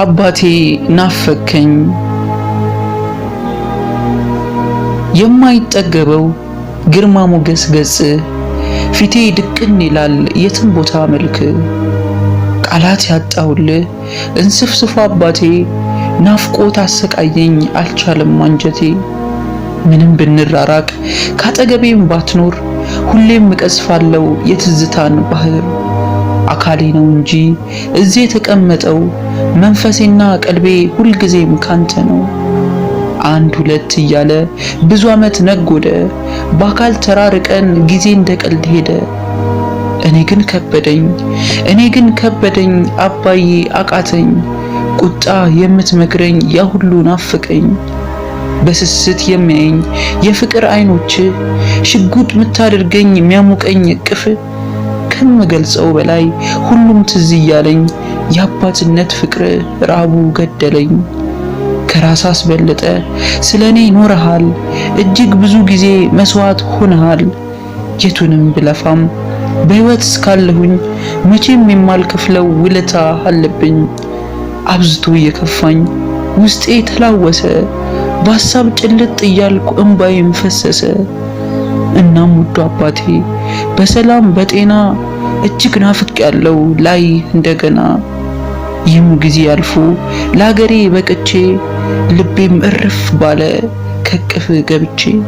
አባቴ ናፈከኝ የማይጠገበው ግርማ ሞገስ ገጽ ፊቴ ድቅን ይላል የትም ቦታ መልክ ቃላት ያጣውል እንስፍስፎ አባቴ ናፍቆት አሰቃየኝ አልቻለም አንጀቴ ምንም ብንራራቅ ካጠገቤም ባትኖር ሁሌም እቀዝፋለው የትዝታን ባህር አካሌ ነው እንጂ እዚህ የተቀመጠው መንፈሴና ቀልቤ ሁልጊዜም ካንተ ነው። አንድ ሁለት እያለ ብዙ ዓመት ነጎደ። በአካል ተራርቀን ጊዜ እንደ ቀልድ ሄደ። እኔ ግን ከበደኝ፣ እኔ ግን ከበደኝ፣ አባዬ አቃተኝ። ቁጣ የምትመክረኝ ያ ሁሉ ናፍቀኝ። በስስት የሚያየኝ የፍቅር አይኖች፣ ሽጉጥ የምታደርገኝ የሚያሞቀኝ እቅፍ ከምገልጸው በላይ ሁሉም ትዝ እያለኝ የአባትነት ፍቅር ራቡ ገደለኝ። ከራስ አስበለጠ ስለኔ እኔ ኖረሃል፣ እጅግ ብዙ ጊዜ መስዋዕት ሆነሃል። የቱንም ብለፋም በህይወት እስካለሁኝ መቼም የማልከፍለው ውለታ አለብኝ። አብዝቶ እየከፋኝ ውስጤ ተላወሰ፣ በሀሳብ ጭልጥ እያልኩ እምባዬም ፈሰሰ። እናም ውዱ አባቴ በሰላም በጤና እጅግ ናፍቅ ያለው ላይ እንደገና ይህም ጊዜ አልፎ ለሀገሬ በቅቼ ልቤም እርፍ ባለ ከቅፍ ገብቼ